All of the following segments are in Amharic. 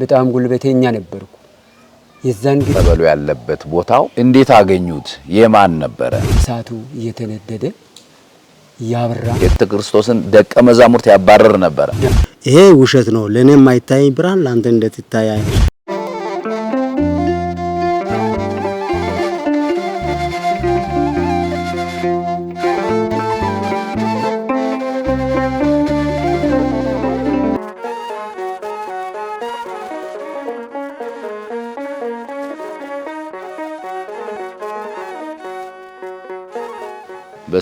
በጣም ጉልበተኛ ነበርኩ። የዛን ጊዜ ጠበሉ ያለበት ቦታው እንዴት አገኙት? የማን ነበረ? እሳቱ እየተነደደ ያበራ ቤተ ክርስቶስን ደቀ መዛሙርት ያባረር ነበረ። ይሄ ውሸት ነው፣ ለእኔ የማይታየኝ ብርሃን ለአንተ እንዴት ይታያል?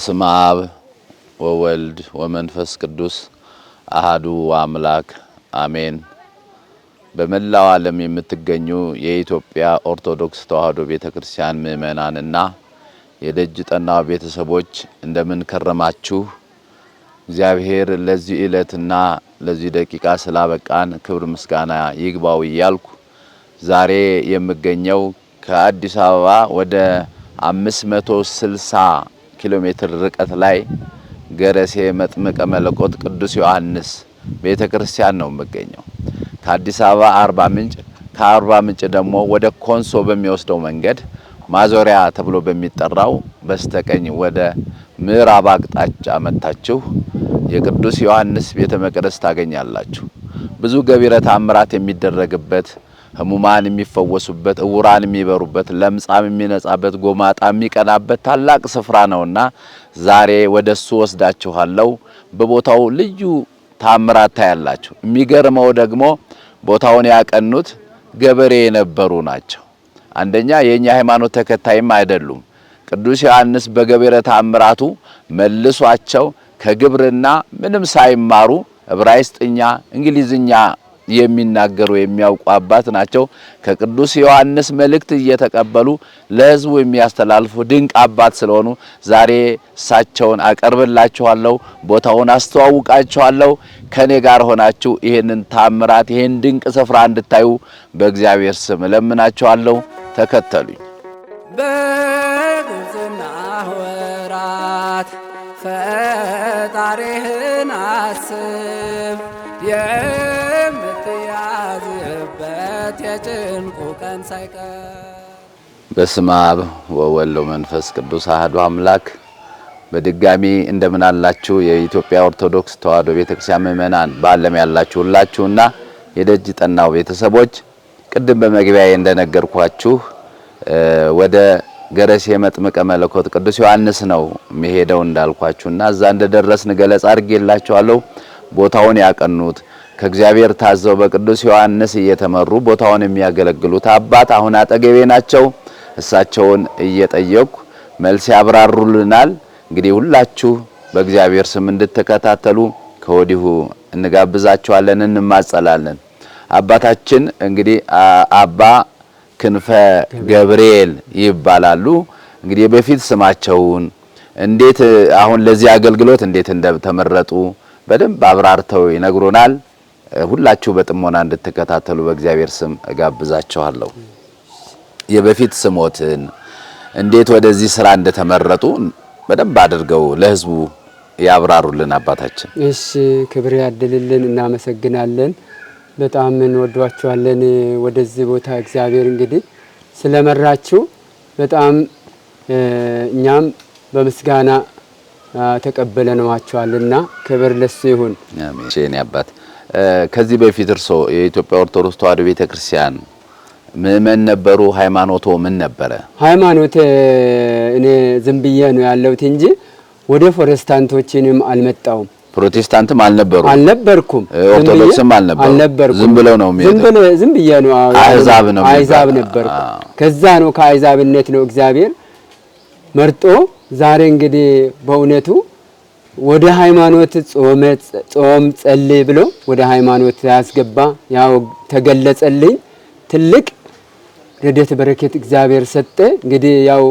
በስመ አብ ወወልድ ወመንፈስ ቅዱስ አህዱ አምላክ አሜን። በመላው ዓለም የምትገኙ የኢትዮጵያ ኦርቶዶክስ ተዋሕዶ ቤተ ክርስቲያን ምእመናንና የደጅ ጠናው ቤተሰቦች እንደምን ከረማችሁ? እግዚአብሔር ለዚህ ዕለትና ለዚህ ደቂቃ ስላበቃን ክብር ምስጋና ይግባው እያልኩ ዛሬ የምገኘው ከአዲስ አበባ ወደ አምስት ኪሎ ሜትር ርቀት ላይ ገረሴ መጥምቀ መለኮት ቅዱስ ዮሐንስ ቤተ ክርስቲያን ነው የምገኘው። ከአዲስ አበባ አርባ ምንጭ፣ ከአርባ ምንጭ ደግሞ ወደ ኮንሶ በሚወስደው መንገድ ማዞሪያ ተብሎ በሚጠራው በስተቀኝ ወደ ምዕራብ አቅጣጫ መታችሁ የቅዱስ ዮሐንስ ቤተ መቅደስ ታገኛላችሁ። ብዙ ገቢረ ተአምራት የሚደረግበት ህሙማን የሚፈወሱበት፣ እውራን የሚበሩበት፣ ለምጻም የሚነጻበት፣ ጎማጣ የሚቀናበት ታላቅ ስፍራ ነውና ዛሬ ወደሱ ወስዳችኋለሁ። በቦታው ልዩ ታምራት ታያላችሁ። የሚገርመው ደግሞ ቦታውን ያቀኑት ገበሬ የነበሩ ናቸው። አንደኛ የእኛ ሃይማኖት ተከታይም አይደሉም። ቅዱስ ዮሐንስ በገበረ ታምራቱ መልሷቸው ከግብርና ምንም ሳይማሩ ዕብራይስጥኛ፣ እንግሊዝኛ የሚናገሩ የሚያውቁ አባት ናቸው። ከቅዱስ ዮሐንስ መልእክት እየተቀበሉ ለሕዝቡ የሚያስተላልፉ ድንቅ አባት ስለሆኑ ዛሬ እሳቸውን አቀርብላችኋለሁ፣ ቦታውን አስተዋውቃችኋለሁ። ከኔ ጋር ሆናችሁ ይህንን ታምራት ይህን ድንቅ ስፍራ እንድታዩ በእግዚአብሔር ስም እለምናችኋለሁ። ተከተሉኝ። ወራት ፈጣሪህን አስብ የጭንቁ ቀን ሳይቀር በስመ አብ ወወልድ ወመንፈስ ቅዱስ አህዱ አምላክ። በድጋሚ እንደምን አላችሁ? የኢትዮጵያ ኦርቶዶክስ ተዋሕዶ ቤተክርስቲያን ምእመናን በዓለም ያላችሁ ሁላችሁና የደጅ ጠናው ቤተሰቦች ቅድም በመግቢያዬ እንደነገርኳችሁ ወደ ገረሴ መጥምቀ መለኮት ቅዱስ ዮሐንስ ነው የሚሄደው እንዳልኳችሁና እዛ እንደደረስን ገለጻ አድርጌላችኋለሁ። ቦታውን ያቀኑት ከእግዚአብሔር ታዘው በቅዱስ ዮሐንስ እየተመሩ ቦታውን የሚያገለግሉት አባት አሁን አጠገቤ ናቸው። እሳቸውን እየጠየቁ መልስ ያብራሩልናል። እንግዲህ ሁላችሁ በእግዚአብሔር ስም እንድትከታተሉ ከወዲሁ እንጋብዛችኋለን፣ እንማጸላለን። አባታችን እንግዲህ አባ ክንፈ ገብርኤል ይባላሉ። እንግዲህ በፊት ስማቸውን እንዴት አሁን ለዚህ አገልግሎት እንዴት እንደተመረጡ በደንብ አብራርተው ይነግሩናል። ሁላችሁ በጥሞና እንድትከታተሉ በእግዚአብሔር ስም እጋብዛችኋለሁ። የበፊት ስሞትን እንዴት ወደዚህ ስራ እንደተመረጡ በደንብ አድርገው ለህዝቡ ያብራሩልን አባታችን። እሺ፣ ክብር ያድልልን። እናመሰግናለን። በጣም እንወዷችኋለን። ወደዚህ ቦታ እግዚአብሔር እንግዲህ ስለመራችሁ በጣም እኛም በምስጋና ተቀበለነዋችኋልና ክብር ለሱ ይሁን። አሜን። አባት ከዚህ በፊት እርሶ የኢትዮጵያ ኦርቶዶክስ ተዋሕዶ ቤተክርስቲያን ምእመን ነበሩ? ሃይማኖቶ ምን ነበረ? ሃይማኖት እኔ ዝም ብዬ ነው ያለሁት እንጂ ወደ ፕሮቴስታንቶችንም አልመጣውም ፕሮቴስታንትም አልነበሩ አልነበርኩም። ኦርቶዶክስም አልነበርኩም። ዝም ብለው ነው ዝም ዝም ብዬ ነው አህዛብ ነው አህዛብ ነበርኩ። ከዛ ነው ከአህዛብነት ነው እግዚአብሔር መርጦ ዛሬ እንግዲህ በእውነቱ ወደ ሃይማኖት ጾም ጸልይ ብሎ ወደ ሃይማኖት ያስገባ ያው ተገለጸልኝ። ትልቅ ረድኤት በረከት እግዚአብሔር ሰጠ። እንግዲህ ያው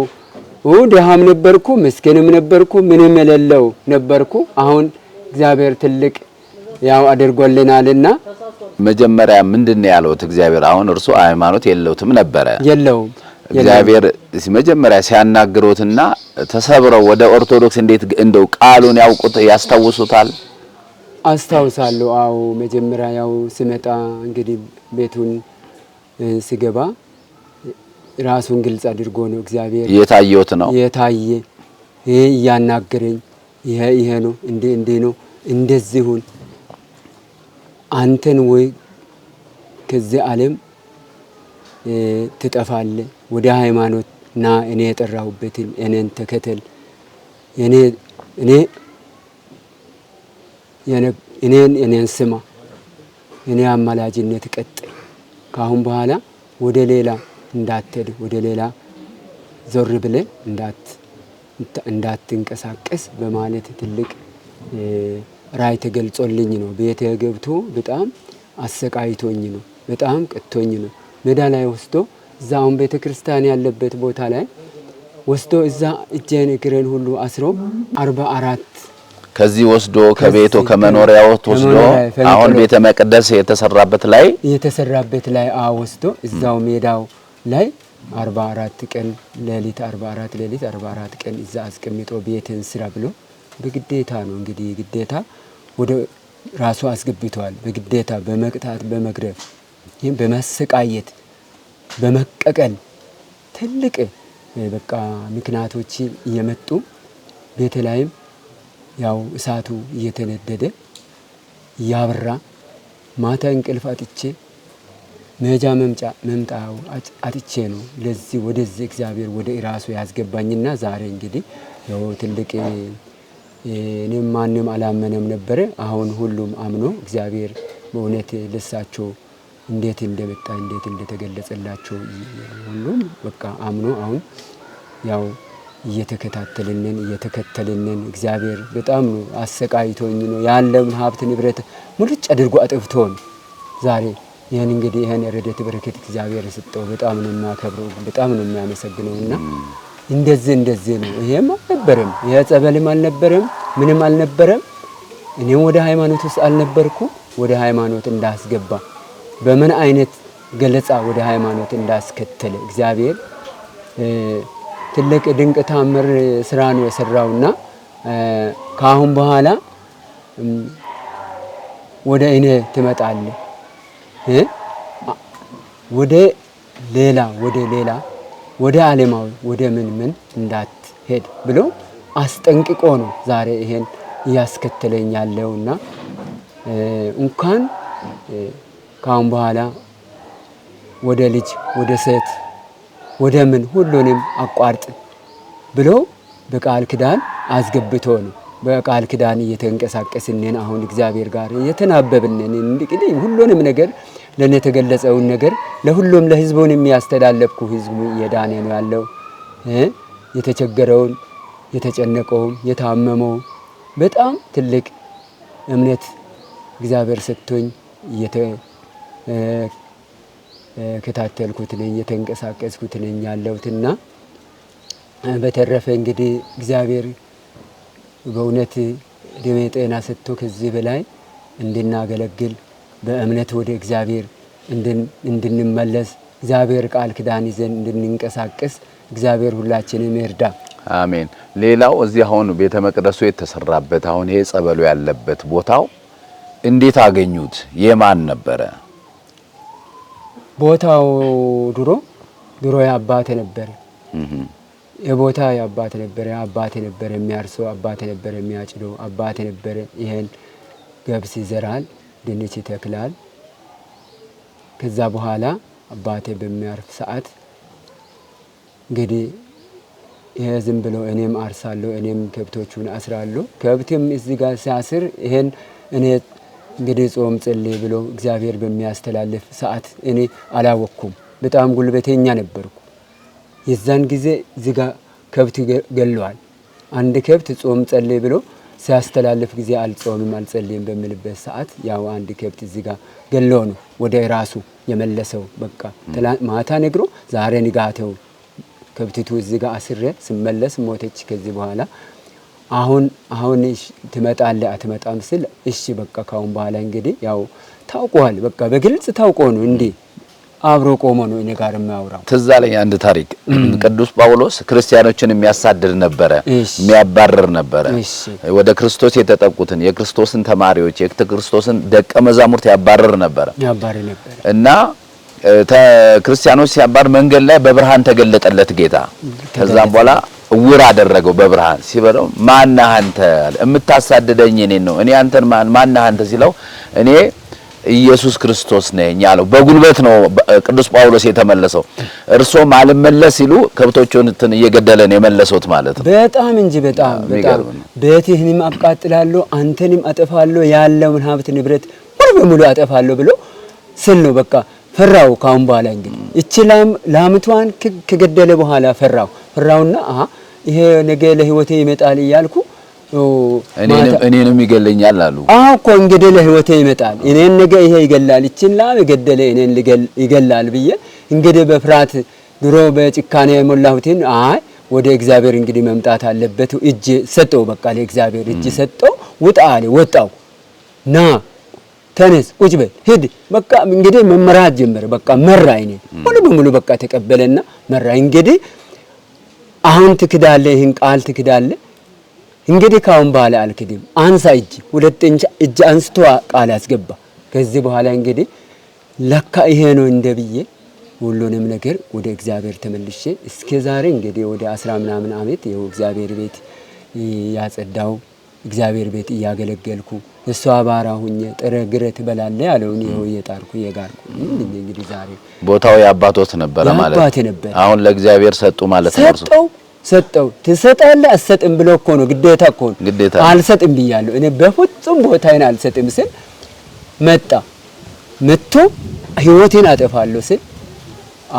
ድሃም ነበርኩ፣ ምስኪንም ነበርኩ፣ ምንም የሌለው ነበርኩ። አሁን እግዚአብሔር ትልቅ ያው አድርጎልናልና መጀመሪያ ምንድን ነው ያለውት እግዚአብሔር? አሁን እርሱ ሃይማኖት የለውትም ነበረ የለውም እግዚአብሔር መጀመሪያ ሲያናግሩትና ተሰብረው ወደ ኦርቶዶክስ እንዴት እንደው ቃሉን ያውቁት ያስታውሱታል? አስታውሳለሁ። አዎ መጀመሪያ ያው ስመጣ እንግዲህ ቤቱን ስገባ ራሱን ግልጽ አድርጎ ነው እግዚአብሔር የታየውት ነው የታየ ይሄ እያናገረኝ ይሄ ይሄ ነው እንዴ እንዴ ነው እንደዚሁን አንተን ወይ ከዚህ ዓለም ትጠፋለህ ወደ ሃይማኖት ና እኔ የጠራሁበትን እኔን ተከተል እኔን እኔን ስማ እኔ አማላጅነት ቀጥል። ካአሁን በኋላ ወደ ሌላ እንዳትሄድ ወደ ሌላ ዞር ብለ እንዳትንቀሳቀስ በማለት ትልቅ ራይ ተገልጾልኝ ነው። ቤተ ገብቶ በጣም አሰቃይቶኝ ነው። በጣም ቀጥቶኝ ነው። ሜዳ ላይ ወስዶ እዛ አሁን ቤተ ክርስቲያን ያለበት ቦታ ላይ ወስዶ እዛ እጄን እግረን ሁሉ አስሮ አርባ አራት ከዚህ ወስዶ ከቤቶ ከመኖሪያ ወስዶ አሁን ቤተ መቅደስ የተሰራበት ላይ የተሰራበት ላይ አ ወስዶ እዛው ሜዳው ላይ 44 ቀን ሌሊት 44 ሌሊት 44 ቀን እዛ አስቀምጦ ቤትን ስራ ብሎ በግዴታ ነው እንግዲህ ግዴታ ወደ ራሱ አስገብቷል። በግዴታ በመቅጣት በመግረፍ ይህም በማሰቃየት በመቀቀል ትልቅ በቃ ምክንያቶች እየመጡ ቤት ላይም ያው እሳቱ እየተነደደ እያበራ ማታ እንቅልፍ አጥቼ መጃ መምጫ መምጣው አጥቼ ነው ለዚህ ወደዚህ እግዚአብሔር ወደ ራሱ ያስገባኝና ዛሬ እንግዲህ ያው ትልቅ እኔም ማንም አላመነም ነበረ። አሁን ሁሉም አምኖ እግዚአብሔር በእውነት ልሳቸው እንዴት እንደመጣ እንዴት እንደተገለጸላቸው ሁሉም በቃ አምኖ አሁን ያው እየተከታተልንን እየተከተልንን እግዚአብሔር በጣም ነው አሰቃይቶኝ ነው ያለም ሀብት ንብረት ሙልጭ አድርጎ አጥፍቶን ዛሬ ይህን እንግዲህ ይህን ረድኤት በረከት እግዚአብሔር ስጠው በጣም ነው የሚያከብረው በጣም ነው የሚያመሰግነው። እና እንደዚህ እንደዚህ ነው። ይሄም አልነበረም፣ ይሄ ጸበልም አልነበረም፣ ምንም አልነበረም። እኔም ወደ ሃይማኖት ውስጥ አልነበርኩ። ወደ ሃይማኖት እንዳስገባ በምን አይነት ገለጻ ወደ ሃይማኖት እንዳስከተለ እግዚአብሔር ትልቅ ድንቅ ታምር ስራ ነው የሰራውና ከአሁን በኋላ ወደ እኔ ትመጣለ ወደ ሌላ ወደ ሌላ ወደ ዓለማዊ ወደ ምን ምን እንዳትሄድ ብሎ አስጠንቅቆ ነው ዛሬ ይሄን እያስከተለኝ ያለውና እንኳን ከአሁን በኋላ ወደ ልጅ ወደ ሴት ወደ ምን ሁሉንም አቋርጥ ብሎ በቃል ኪዳን አስገብቶ ነው። በቃል ኪዳን እየተንቀሳቀስንን አሁን እግዚአብሔር ጋር እየተናበብንን እንግዲህ ሁሉንም ነገር ለእኔ የተገለጸውን ነገር ለሁሉም ለህዝቡን የሚያስተላለፍኩ ህዝቡ እየዳነ ነው ያለው። የተቸገረውን፣ የተጨነቀውም፣ የታመመው በጣም ትልቅ እምነት እግዚአብሔር ሰጥቶኝ ከታተልኩት ነኝ የተንቀሳቀስኩት ነኝ ያለሁትና በተረፈ እንግዲህ እግዚአብሔር በእውነት እድሜ ጤና ሰጥቶ ከዚህ በላይ እንድናገለግል በእምነት ወደ እግዚአብሔር እንድንመለስ እግዚአብሔር ቃል ክዳን ይዘን እንድንንቀሳቀስ እግዚአብሔር ሁላችንን ይርዳ። አሜን። ሌላው እዚህ አሁን ቤተ መቅደሱ የተሰራበት አሁን ይሄ ጸበሉ ያለበት ቦታው እንዴት አገኙት? የማን ነበረ? ቦታው ድሮ ድሮ የአባቴ ነበር። የቦታ የአባቴ ነበረ። አባቴ ነበረ የሚያርሰው፣ አባቴ ነበረ የሚያጭደው፣ አባቴ ነበረ ይሄን ገብስ ይዘራል፣ ድንች ይተክላል። ከዛ በኋላ አባቴ በሚያርፍ ሰዓት እንግዲህ ይሄ ዝም ብሎ እኔም አርሳለሁ፣ እኔም ከብቶቹን አስራለሁ። ከብትም እዚህ ጋር ሲያስር ይሄን እኔ እንግዲህ ጾም ጸልይ ብሎ እግዚአብሔር በሚያስተላልፍ ሰዓት እኔ አላወቅኩም። በጣም ጉልበተኛ ነበርኩ። የዛን ጊዜ ዝጋ ከብት ገለዋል። አንድ ከብት ጾም ጸልይ ብሎ ሲያስተላልፍ ጊዜ አልጾምም አልጸልይም በሚልበት ሰዓት ያው አንድ ከብት ዝጋ ገለው ነው ወደ ራሱ የመለሰው። በቃ ማታ ነግሮ ዛሬ ንጋተው ከብትቱ እዚህ ጋር አስሬ ስመለስ ሞተች። ከዚህ በኋላ አሁን አሁን ትመጣለ አትመጣም ስል እሺ በቃ ካሁን በኋላ እንግዲህ ያው ታውቋል፣ በቃ በግልጽ ታውቆ ነው እንዴ አብሮ ቆሞ ነው እኔ ጋር የሚያወራው። ትዝ አለኝ አንድ ታሪክ። ቅዱስ ጳውሎስ ክርስቲያኖችን የሚያሳድድ ነበረ፣ የሚያባረር ነበረ። ወደ ክርስቶስ የተጠቁትን የክርስቶስን ተማሪዎች የክርስቶስን ደቀ መዛሙርት ያባረር ነበረ እና ክርስቲያኖች ሲያባር መንገድ ላይ በብርሃን ተገለጠለት ጌታ። ከዛም በኋላ እውር አደረገው በብርሃን ሲበለው ማና አንተ የምታሳድደኝ እኔን ነው እኔ አንተን ማን ማነህ አንተ ሲለው እኔ ኢየሱስ ክርስቶስ ነኝ አለው። በጉልበት ነው ቅዱስ ጳውሎስ የተመለሰው። እርሶም አልመለስ ሲሉ ከብቶቹን እንትን እየገደለ ነው የመለሱት ማለት ነው። በጣም እንጂ በጣም በጣም ቤትህንም አቃጥላለሁ፣ አንተንም አጠፋለሁ፣ ያለውን ሀብት ንብረት ሙሉ በሙሉ አጠፋለሁ ብሎ ስል ነው በቃ ፈራው። ካሁን በኋላ እንግዲህ እቺ ላም ላምቷን ከገደለ በኋላ ፈራው ፈራውና አሃ ይሄ ነገ ለህይወቴ ይመጣል እያልኩ እኔንም ይገለኛል አሉ። አዎ እኮ እንግዲህ ለህይወቴ ይመጣል፣ እኔን ነገ ይሄ ይገላል፣ ይችን ላም የገደለ እኔን ይገላል ብዬ እንግዲህ በፍርሃት ድሮ በጭካኔ የሞላሁትን አይ ወደ እግዚአብሔር እንግዲህ መምጣት አለበት። እጅ ሰጠው፣ በቃ ለእግዚአብሔር እጅ ሰጠው። ውጣ አለ። ወጣው ና ተነስ፣ ቁጭ በል፣ ሂድ። በቃ እንግዲህ መመራት ጀመረ። በቃ መራ፣ እኔ ሙሉ በሙሉ በቃ ተቀበለና መራ። እንግዲህ አሁን ትክዳለ፣ ይህን ቃል ትክዳለ። እንግዲህ ካሁን በኋላ አልክድም። አንሳ እጅ ሁለት እጅ አንስቶ ቃል አስገባ። ከዚህ በኋላ እንግዲህ ለካ ይሄ ነው እንደ ብዬ ሁሉንም ነገር ወደ እግዚአብሔር ተመልሼ እስከ ዛሬ እንግዲህ ወደ አስራ ምናምን አመት ይኸው እግዚአብሔር ቤት ያጸዳው እግዚአብሔር ቤት እያገለገልኩ እሷ አባራ ሁኜ ጥረ ግረት በላለ ያለውን ይኸው እየጣርኩ እየጋርኩ እንግዲህ ዛሬ ቦታው የአባቶት ነበረ ማለት አባቴ ነበር። አሁን ለእግዚአብሔር ሰጡ ማለት ነው። ሰጠው ሰጠው ትሰጣለህ አትሰጥም ብሎ እኮ ነው ግዴታ እኮ ነው ግዴታ። አልሰጥም ብያለሁ እኔ በፍጹም ቦታዬን አልሰጥም ስል መጣ መጥቶ ህይወቴን አጠፋለሁ ስል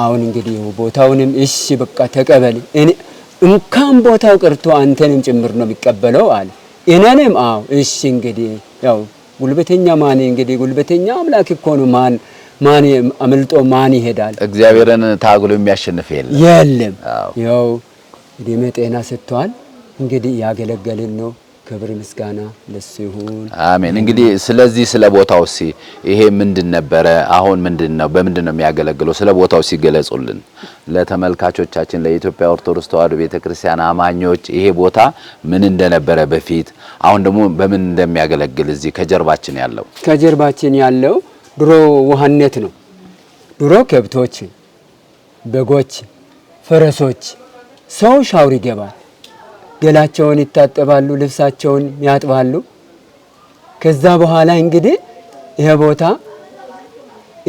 አሁን እንግዲህ ቦታውንም እሺ በቃ ተቀበል እኔ እንካም ቦታው ቀርቶ አንተንም ጭምር ነው የሚቀበለው አለ እኔንም አዎ፣ እሺ እንግዲህ ያው ጉልበተኛ ማን እንግዲህ ጉልበተኛ አምላክ እኮ ነው። ማን ማን አምልጦ ማን ይሄዳል? እግዚአብሔርን ታግሎ የሚያሸንፍ የለም የለም። ያው እድሜ ጤና ሰጥቷል እንግዲህ ያገለገልን ነው ክብር ምስጋና ለሱ ይሁን፣ አሜን። እንግዲህ ስለዚህ ስለ ቦታው ሲ ይሄ ምንድን ነበረ? አሁን ምንድን ነው? በምንድን ነው የሚያገለግለው? ስለ ቦታው ሲገለጹልን ለተመልካቾቻችን፣ ለኢትዮጵያ ኦርቶዶክስ ተዋህዶ ቤተክርስቲያን አማኞች ይሄ ቦታ ምን እንደነበረ በፊት፣ አሁን ደግሞ በምን እንደሚያገለግል እዚህ ከጀርባችን ያለው ከጀርባችን ያለው ድሮ ውሃነት ነው። ድሮ ከብቶች፣ በጎች፣ ፈረሶች ሰው ሻውር ይገባል ገላቸውን ይታጠባሉ፣ ልብሳቸውን ያጥባሉ። ከዛ በኋላ እንግዲህ ይሄ ቦታ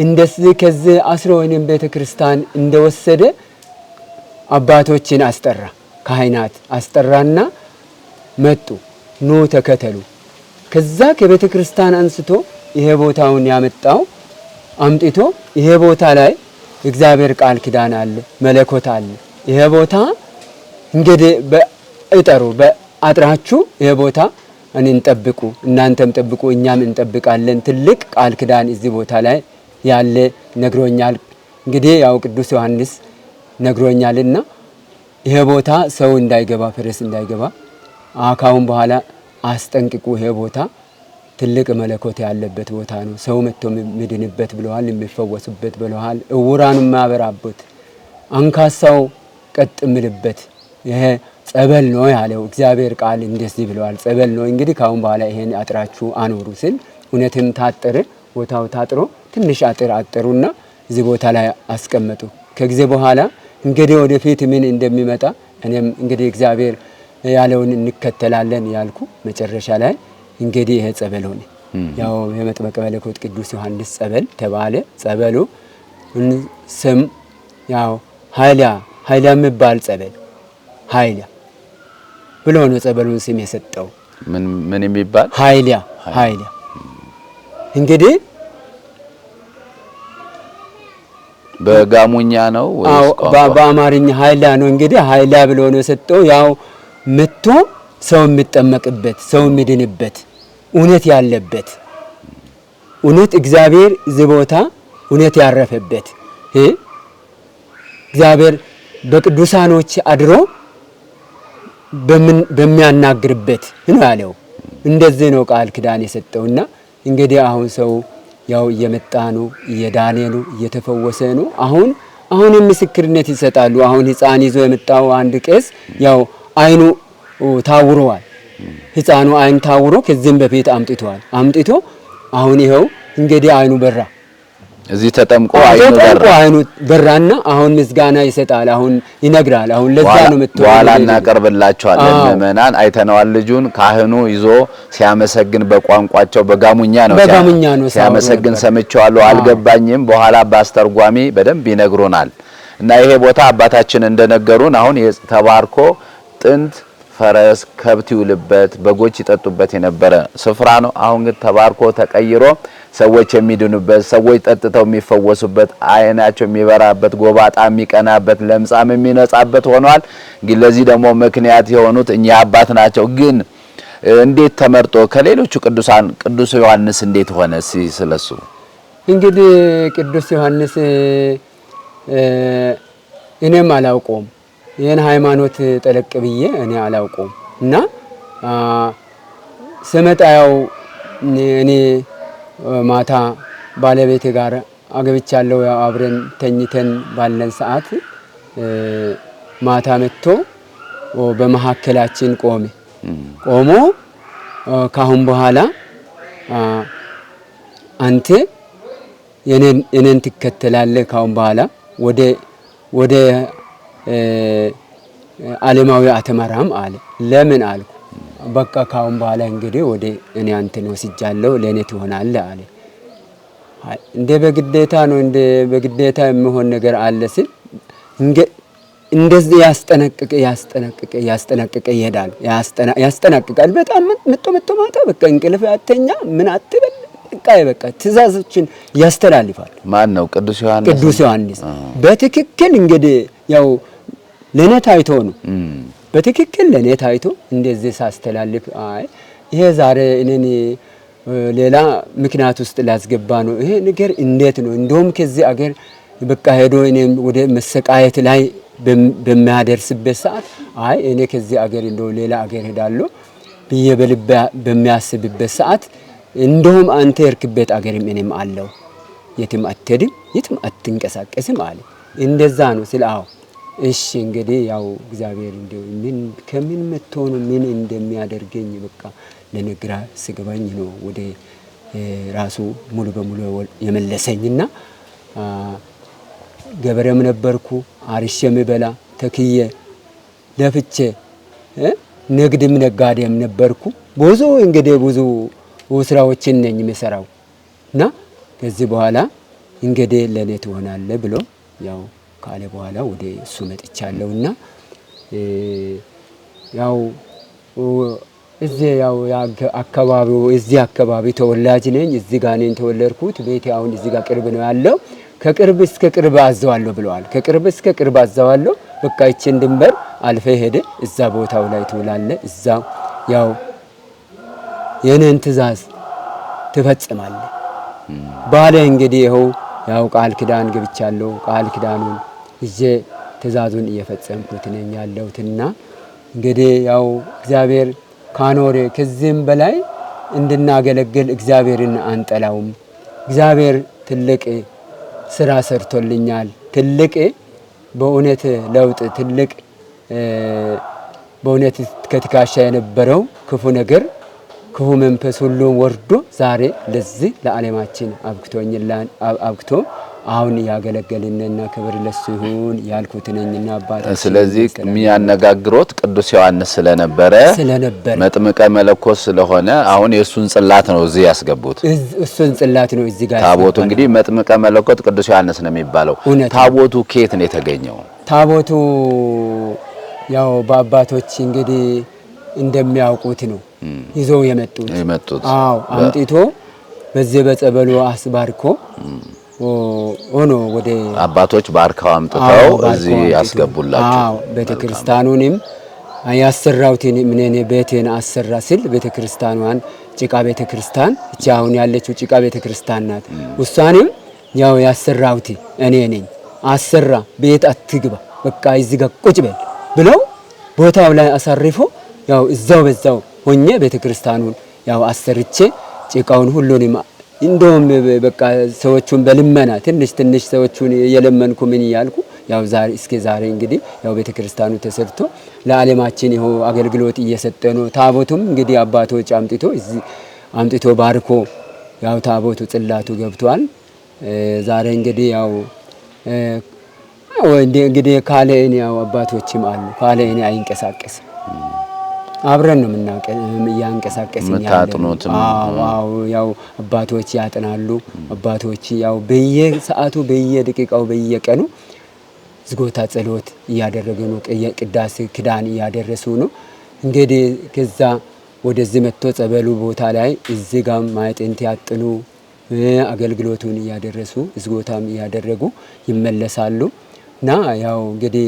እንደዚህ ከዚህ አስሮ ወይንም ቤተ ክርስቲያን እንደወሰደ አባቶችን አስጠራ፣ ካህናት አስጠራና መጡ፣ ኑ ተከተሉ። ከዛ ከቤተ ክርስቲያን አንስቶ ይሄ ቦታውን ያመጣው አምጥቶ ይሄ ቦታ ላይ እግዚአብሔር ቃል ኪዳን አለ፣ መለኮት አለ። ይሄ ቦታ እንግዲህ እጠሩ በአጥራችሁ ይህ ቦታ እኔን ጠብቁ፣ እናንተም ጠብቁ፣ እኛም እንጠብቃለን። ትልቅ ቃል ኪዳን እዚህ ቦታ ላይ ያለ ነግሮኛል። እንግዲህ ያው ቅዱስ ዮሐንስ ነግሮኛልና ይሄ ቦታ ሰው እንዳይገባ ፈረስ እንዳይገባ አካውን በኋላ አስጠንቅቁ። ይሄ ቦታ ትልቅ መለኮት ያለበት ቦታ ነው። ሰው መጥቶ የሚድንበት ብለዋል፣ የሚፈወሱበት ብለዋል። እውራኑ የሚያበራበት አንካሳው ቀጥ ምልበት ይሄ ጸበል ነው ያለው እግዚአብሔር ቃል እንደዚህ ብለዋል። ጸበል ነው እንግዲህ ካሁን በኋላ ይሄን አጥራችሁ አኖሩ ሲል እውነትም ታጥር ቦታው ታጥሮ ትንሽ አጥር አጥሩና እዚህ ቦታ ላይ አስቀመጡ። ከጊዜ በኋላ እንግዲህ ወደፊት ምን እንደሚመጣ እኔም እንግዲህ እግዚአብሔር ያለውን እንከተላለን ያልኩ መጨረሻ ላይ እንግዲህ ይሄ ጸበል ሆነ። ያው የመጥምቀ መለኮት ቅዱስ ዮሐንስ ጸበል ተባለ። ጸበሉ ስም ያው ኃይላ ኃይላ የሚባል ጸበል ኃይላ ብሎ ነው ጸበሉን ስም የሰጠው። ምን ምን የሚባል ኃይሊያ ኃይሊያ። እንግዲህ በጋሞኛ ነው ወይስ በአማርኛ ኃይሊያ ነው? እንግዲህ ኃይሊያ ብሎ ነው የሰጠው። ያው መጥቶ ሰው የሚጠመቅበት ሰው የሚድንበት እውነት ያለበት እውነት እግዚአብሔር እዚህ ቦታ እውነት ያረፈበት እግዚአብሔር በቅዱሳኖች አድሮ በሚያናግርበት ነው ያለው። እንደዚህ ነው ቃል ክዳን የሰጠውና እንግዲህ አሁን ሰው ያው እየመጣ ነው፣ እየዳነ ነው፣ እየተፈወሰ ነው። አሁን አሁንም ምስክርነት ይሰጣሉ። አሁን ሕፃን ይዞ የመጣው አንድ ቄስ ያው አይኑ ታውረዋል። ሕፃኑ አይን ታውሮ ከዚህም በፊት አምጥቷል አምጥቶ አሁን ይኸው እንግዲህ አይኑ በራ። እዚህ ተጠምቆ አይኑ በራና አሁን ምስጋና ይሰጣል፣ አሁን ይነግራል። አሁን ለዛ ነው የምትሆነው። በኋላ እናቀርብላቸዋለን። ምዕመናን አይተነዋል። ልጁን ካህኑ ይዞ ሲያመሰግን በቋንቋቸው በጋሙኛ ነው በጋሙኛ ነው ሲያመሰግን ሰምቼዋለሁ፣ አልገባኝም። በኋላ በአስተርጓሚ በደንብ ይነግሩናል እና ይሄ ቦታ አባታችን እንደነገሩን አሁን ተባርኮ ጥንት ፈረስ ከብት ይውልበት፣ በጎች ይጠጡበት የነበረ ስፍራ ነው። አሁን ግን ተባርኮ ተቀይሮ ሰዎች የሚድኑበት፣ ሰዎች ጠጥተው የሚፈወሱበት፣ አይናቸው የሚበራበት፣ ጎባጣ የሚቀናበት፣ ለምጻም የሚነጻበት ሆኗል። ግን ለዚህ ደግሞ ምክንያት የሆኑት እኚህ አባት ናቸው። ግን እንዴት ተመርጦ ከሌሎቹ ቅዱሳን ቅዱስ ዮሐንስ እንዴት ሆነ? ስለሱ እንግዲህ ቅዱስ ዮሐንስ እኔም አላውቀውም ይህን ሃይማኖት ጠለቅ ብዬ እኔ አላውቀውም እና ስመጣ ያው እኔ ማታ ባለቤቴ ጋር አገብቻለሁ። አብረን ተኝተን ባለን ሰዓት ማታ መጥቶ በመሀከላችን ቆመ። ቆሞ ካሁን በኋላ አንተ የኔን ትከተላለህ፣ ካሁን በኋላ ወደ ወደ ዓለማዊ አትመራም አለ። ለምን አልኩ። በቃ ካሁን በኋላ እንግዲህ ወደ እኔ አንተን ወስጃለሁ ለእኔ ትሆናለህ አለ። እንደ በግዴታ ነው እንደ በግዴታ የሚሆን ነገር አለ ሲል እንደዚህ ያስጠነቅቀ ያስጠነቅቀ ያስጠነቅቀ ይሄዳል። ያስጠነቅቃል በጣም መጥቶ መጥቶ ማታ በቃ እንቅልፍ አተኛ ምን አትበል በቃ በቃ ትእዛዞችን ያስተላልፋል። ማን ነው? ቅዱስ ዮሐንስ ቅዱስ ዮሐንስ በትክክል እንግዲህ ያው ለእኔ ታይቶ ነው በትክክል ለእኔ ታይቶ እንደዚህ ሳስተላልፍ አይ ይሄ ዛሬ እኔን ሌላ ምክንያት ውስጥ ላስገባ ነው ይሄ ነገር እንዴት ነው? እንደውም ከዚህ አገር በቃ ሄዶ እኔም ወደ መሰቃየት ላይ በሚያደርስበት ሰዓት አይ እኔ ከዚህ አገር እንደ ሌላ አገር ሄዳለሁ ብዬ በልባ በሚያስብበት ሰዓት እንደውም አንተ የርክበት አገርም እኔም አለው የትም አትሄድም የትም አትንቀሳቀስም አለ። እንደዛ ነው ስለ አዎ እሺ እንግዲህ ያው እግዚአብሔር እንዲሁ ምን ከምን መጥቶ ምን እንደሚያደርገኝ በቃ ለነግራ ስገባኝ ነው ወደ ራሱ ሙሉ በሙሉ የመለሰኝና ገበሬም ነበርኩ አርሼ የምበላ ተክዬ ለፍቼ ንግድም ነጋዴም ነበርኩ። ብዙ እንግዲህ ብዙ ስራዎችን ነኝ የምሰራው እና ከዚህ በኋላ እንግዲህ ለእኔ ትሆናለህ ብሎ ያው ካለ በኋላ ወደ እሱ መጥቻለሁ እና ያው እዚህ ያው አካባቢው እዚህ አካባቢ ተወላጅ ነኝ። እዚህ ጋር ነኝ ተወለድኩት። ቤቴ አሁን እዚህ ጋር ቅርብ ነው ያለው። ከቅርብ እስከ ቅርብ አዘዋለሁ ብለዋል። ከቅርብ እስከ ቅርብ አዘዋለሁ። በቃ ይችን ድንበር አልፈ ሄደ እዛ ቦታው ላይ ትውላለ። እዛ ያው የእኔን ትእዛዝ ትፈጽማለ ባለ እንግዲህ ይኸው ያው ቃል ክዳን ገብቻለሁ። ቃል ክዳኑን ይዤ ትእዛዙን እየፈጸምኩት ነኝ ያለሁትና እንግዲህ ያው እግዚአብሔር ካኖሬ ከዚህም በላይ እንድናገለግል እግዚአብሔርን አንጠላውም። እግዚአብሔር ትልቅ ስራ ሰርቶልኛል። ትልቅ በእውነት ለውጥ ትልቅ በእውነት ከትካሻ የነበረው ክፉ ነገር ክፉ መንፈስ ሁሉም ወርዶ ዛሬ ለዚህ ለዓለማችን አብክቶኝላን አብክቶ አሁን ያገለገልንና ክብር ለሱ ይሁን ያልኩት አባታችን። ስለዚህ የሚያነጋግሮት ቅዱስ ዮሐንስ ስለነበረ ስለነበረ መጥምቀ መለኮት ስለሆነ አሁን የእሱን ጽላት ነው እዚህ ያስገቡት። እሱን ጽላት ነው እዚህ ጋር ታቦቱ እንግዲህ መጥምቀ መለኮት ቅዱስ ዮሐንስ ነው የሚባለው። ታቦቱ ከየት ነው የተገኘው? ታቦቱ ያው በአባቶች እንግዲህ እንደሚያውቁት ነው ይዘው የመጡት የመጡት። አዎ አምጥቶ በዚህ በጸበሉ አስባርኮ ሆኖ ወደ አባቶች ባርከው አምጥተው እዚህ ያስገቡላችሁ። ቤተክርስቲያኑንም ያሰራሁት ምንን ቤቴን አሰራ ስል ቤተክርስቲያኗን ጭቃ ቤተክርስቲያን እቺ አሁን ያለችው ጭቃ ቤተክርስቲያን ናት። ውሳኔም ያው ያሰራሁት እኔ ነኝ። አሰራ ቤት አትግባ በቃ እዚህ ጋር ቁጭ በል ብለው ቦታው ላይ አሳርፎ ያው እዛው በዛው ሆኜ ቤተክርስቲያኑን ያው አሰርቼ ጭቃውን ሁሉንም እንደውም በቃ ሰዎቹን በልመና ትንሽ ትንሽ ሰዎቹን የለመንኩ ምን እያልኩ ያው ዛሬ እስከ ዛሬ እንግዲህ ያው ቤተክርስቲያኑ ተሰርቶ ለዓለማችን ይኸው አገልግሎት እየሰጠ ነው። ታቦቱም እንግዲህ አባቶች አምጥቶ እዚህ አምጥቶ ባርኮ ያው ታቦቱ ጽላቱ ገብቷል። ዛሬ እንግዲህ ያው እንግዲህ ካለ እኔ ያው አባቶችም አሉ ካለ እኔ አይንቀሳቀስም። አብረን ነው የምናንቀሳቀስን። ያው አባቶች ያጥናሉ። አባቶች ያው በየሰዓቱ በየደቂቃው በየቀኑ ዝጎታ ጸሎት እያደረገ ነው። ቅዳሴ ክዳን እያደረሱ ነው። እንግዲህ ከዛ ወደዚህ መጥቶ ጸበሉ ቦታ ላይ እዚህ ጋር ማዕጠንት ያጥኑ አገልግሎቱን እያደረሱ ዝጎታም እያደረጉ ይመለሳሉ እና ያው እንግዲህ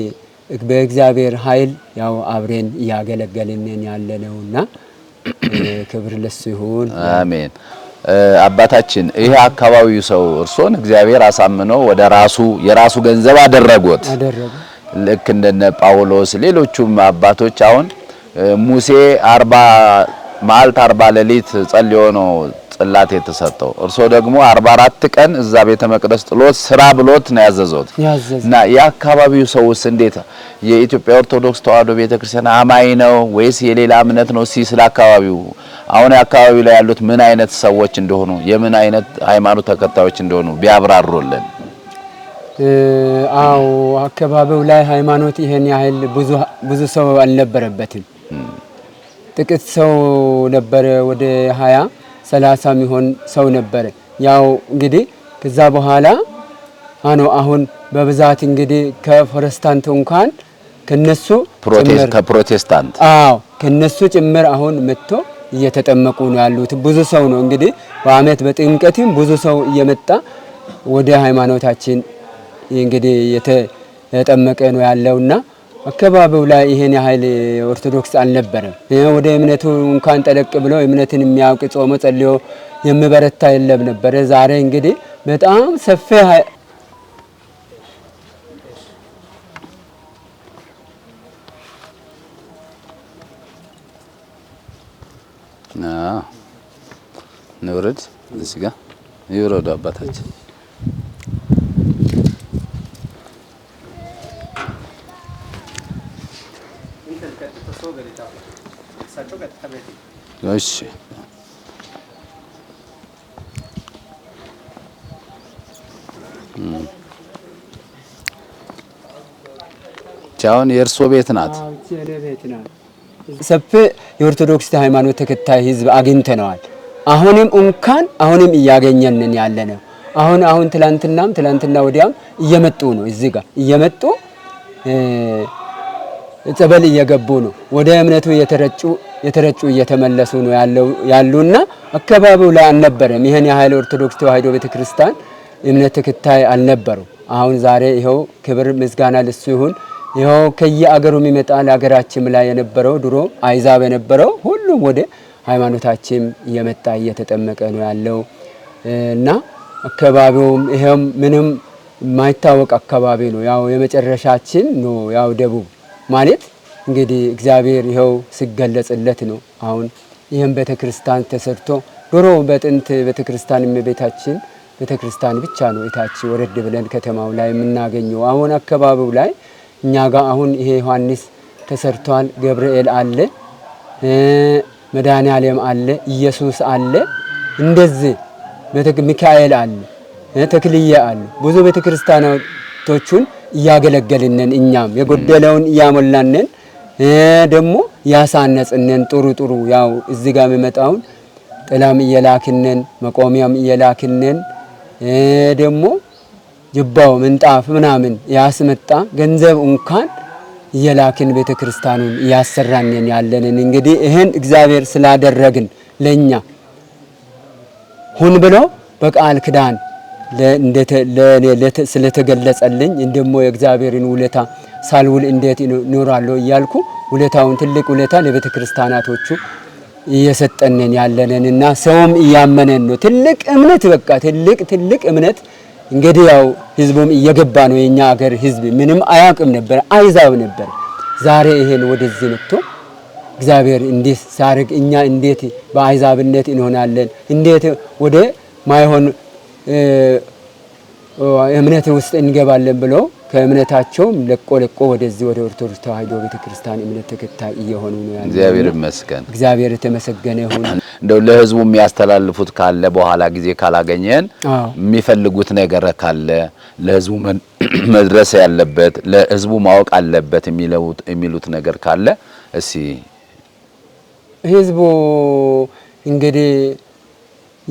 በእግዚአብሔር ኃይል ያው አብሬን እያገለገልንን ያለ ነውና ክብር ለሱ ይሁን። አሜን። አባታችን ይህ አካባቢው ሰው እርሶን እግዚአብሔር አሳምኖ ወደ ራሱ የራሱ ገንዘብ አደረጎት። ልክ እንደነ ጳውሎስ ሌሎቹም አባቶች አሁን ሙሴ አርባ መዓልት አርባ ሌሊት ጸልዮ ነው ጽላት የተሰጠው እርሶ ደግሞ 44 ቀን እዛ ቤተ መቅደስ ጥሎት ስራ ብሎት ነው ያዘዘውት። እና የአካባቢው ሰውስ እንዴት የኢትዮጵያ ኦርቶዶክስ ተዋሕዶ ቤተክርስቲያን አማኝ ነው ወይስ የሌላ እምነት ነው? ሲ ስለ አካባቢው አሁን አካባቢው ላይ ያሉት ምን አይነት ሰዎች እንደሆኑ የምን አይነት ሃይማኖት ተከታዮች እንደሆኑ ቢያብራሩልን። አው አካባቢው ላይ ሃይማኖት ይሄን ያህል ብዙ ሰው አልነበረበትም። ጥቂት ሰው ነበረ ወደ ሀያ ሰላሳ የሚሆን ሰው ነበረ። ያው እንግዲህ ከዛ በኋላ አኖ አሁን በብዛት እንግዲህ ከፕሮቴስታንት እንኳን ከነሱ ከፕሮቴስታንት አዎ ከነሱ ጭምር አሁን መጥቶ እየተጠመቁ ነው ያሉት። ብዙ ሰው ነው እንግዲህ በአመት በጥምቀትም ብዙ ሰው እየመጣ ወደ ሃይማኖታችን እንግዲህ የተጠመቀ ነው ያለውና አካባቢው ላይ ይሄን ያህል ኦርቶዶክስ አልነበረም። ወደ እምነቱ እንኳን ጠለቅ ብሎ እምነትን የሚያውቅ ጾሞ ጸልዮ የሚበረታ የለም ነበረ። ዛሬ እንግዲህ በጣም ሰፊ ንውረድ እዚህ ይውረዱ አባታችን እሺ አሁን የእርሶ ቤት ናት። ሰፊ የኦርቶዶክስ ሃይማኖት ተከታይ ህዝብ አግኝተነዋል። አሁንም እንኳን አሁንም እያገኘንን ያለ ነው። አሁን አሁን ትላንትናም ትላንትና ወዲያም እየመጡ ነው እዚህ ጋር እየመጡ ጸበል እየገቡ ነው። ወደ እምነቱ የተረጩ እየተመለሱ ነው ያሉና አካባቢው ላይ አልነበረም። ይህን ያህል ኦርቶዶክስ ተዋሕዶ ቤተክርስቲያን እምነት ተከታይ አልነበሩ። አሁን ዛሬ ይኸው ክብር ምስጋና ልሱ ይሁን። ይኸው ከየአገሩ የሚመጣ ለሀገራችን ላይ የነበረው ድሮ አይዛብ የነበረው ሁሉም ወደ ሃይማኖታችን እየመጣ እየተጠመቀ ነው ያለው እና አካባቢውም ይኸም ምንም የማይታወቅ አካባቢ ነው። ያው የመጨረሻችን ነው ያው ደቡብ ማለት እንግዲህ እግዚአብሔር ይኸው ሲገለጽለት ነው። አሁን ይህም ቤተ ክርስቲያን ተሰርቶ ዶሮ በጥንት ቤተ ክርስቲያን ቤታችን ቤተ ክርስቲያን ብቻ ነው የታች ወረድ ብለን ከተማው ላይ የምናገኘው። አሁን አካባቢው ላይ እኛ ጋር አሁን ይሄ ዮሐንስ ተሰርቷል። ገብርኤል አለ፣ መድኃኔ አለ፣ ኢየሱስ አለ፣ እንደዚህ ሚካኤል አለ፣ ተክልዬ አለ። ብዙ ቤተ እያገለገልንን እኛም የጎደለውን እያሞላንን ደግሞ ያሳነጽንን ጥሩ ጥሩ ያው እዚህ ጋር የሚመጣውን ጥላም እየላክንን መቆሚያም እየላክንን ደግሞ ጅባው ምንጣፍ ምናምን ያስመጣ ገንዘብ እንኳን እየላክን ቤተ ክርስቲያኑን እያሰራንን ያለንን እንግዲህ ይህን እግዚአብሔር ስላደረግን ለእኛ ሁን ብሎ በቃል ክዳን ስለተገለጸልኝ እንደሞ የእግዚአብሔርን ውለታ ሳልውል እንዴት ኖራለሁ እያልኩ ውለታውን ትልቅ ውለታ ለቤተ ክርስቲያናቶቹ እየሰጠንን ያለንን እና ሰውም እያመነን ነው። ትልቅ እምነት በቃ ትልቅ ትልቅ እምነት እንግዲህ ያው ህዝቡም እየገባ ነው። የኛ ሀገር ህዝብ ምንም አያውቅም ነበር፣ አይዛብ ነበር። ዛሬ ይሄን ወደዚህ መጥቶ እግዚአብሔር እንዴት ሳርግ እኛ እንዴት በአይዛብነት እንሆናለን? እንዴት ወደ ማይሆን እምነት ውስጥ እንገባለን ብሎ ከእምነታቸውም ለቆ ለቆ ወደዚህ ወደ ኦርቶዶክስ ተዋሕዶ ቤተክርስቲያን እምነት ተከታይ እየሆኑ ነው ያለው። እግዚአብሔር ይመስገን። እግዚአብሔር የተመሰገነ ይሁን። እንደው ለህዝቡ የሚያስተላልፉት ካለ በኋላ ጊዜ ካላገኘን የሚፈልጉት ነገር ካለ ለህዝቡ መድረስ ያለበት ለህዝቡ ማወቅ አለበት የሚሉት ነገር ካለ እስቲ ህዝቡ እንግዲህ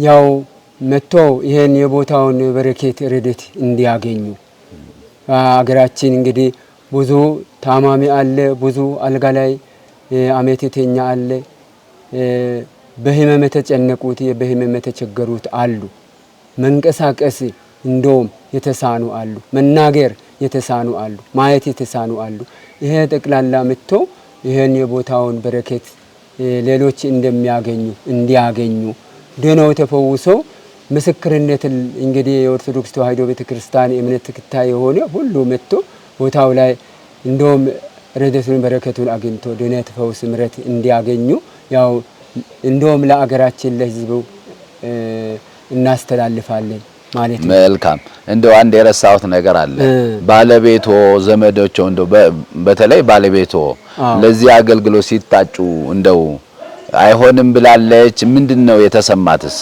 ያው መጥቶ ይሄን የቦታውን በረከት ረድኤት እንዲያገኙ አገራችን እንግዲህ ብዙ ታማሚ አለ፣ ብዙ አልጋ ላይ አመቴተኛ አለ፣ በህመም የተጨነቁት በህመም የተቸገሩት አሉ፣ መንቀሳቀስ እንደውም የተሳኑ አሉ፣ መናገር የተሳኑ አሉ፣ ማየት የተሳኑ አሉ። ይሄ ጠቅላላ መጥቶ ይሄን የቦታውን በረከት ሌሎች እንደሚያገኙ እንዲያገኙ ድነው ተፈውሰው ምስክርነትን እንግዲህ የኦርቶዶክስ ተዋሕዶ ቤተክርስቲያን እምነት ተከታይ የሆነ ሁሉ መጥቶ ቦታው ላይ እንደውም ረደቱን በረከቱን አግኝቶ ድነት፣ ፈውስ፣ ምረት እንዲያገኙ ያው እንደውም ለአገራችን ለህዝቡ እናስተላልፋለን ማለት ነው። መልካም እንደው አንድ የረሳሁት ነገር አለ። ባለቤቶ ዘመዶቾ እንደው በተለይ ባለቤቶ ለዚህ አገልግሎት ሲታጩ እንደው አይሆንም ብላለች። ምንድን ነው የተሰማትስ?